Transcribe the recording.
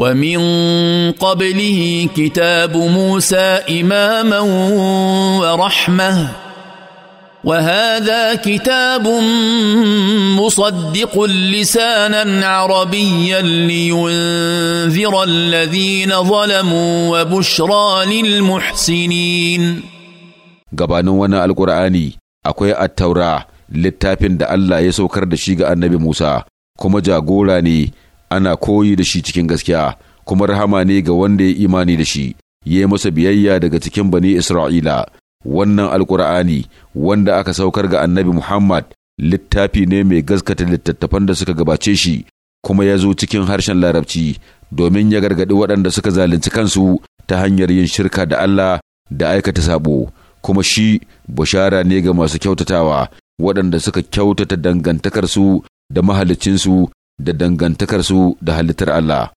ومن قبله كتاب موسى اماما ورحمه وهذا كتاب مصدق لسانا عربيا لينذر الذين ظلموا وبشرى للمحسنين gabanin wannan alkur'ani akwai attaura littafin da Allah ya saukar da shi ga annabi Musa kuma jagora ne ana koyi da shi cikin gaskiya kuma rahama ne ga wanda ya imani da shi ya masa biyayya daga cikin bani Isra'ila wannan alkur'ani wanda aka saukar ga annabi Muhammad littafi ne mai gaskata littattafan da suka gabace shi kuma ya zo cikin harshen larabci domin ya gargaɗi waɗanda suka zalunci kansu ta hanyar yin shirka da Allah da aikata sabo kuma shi bushara ne ga masu kyautatawa waɗanda suka kyautata dangantakarsu da mahalicinsu da dangantakarsu da halittar Allah.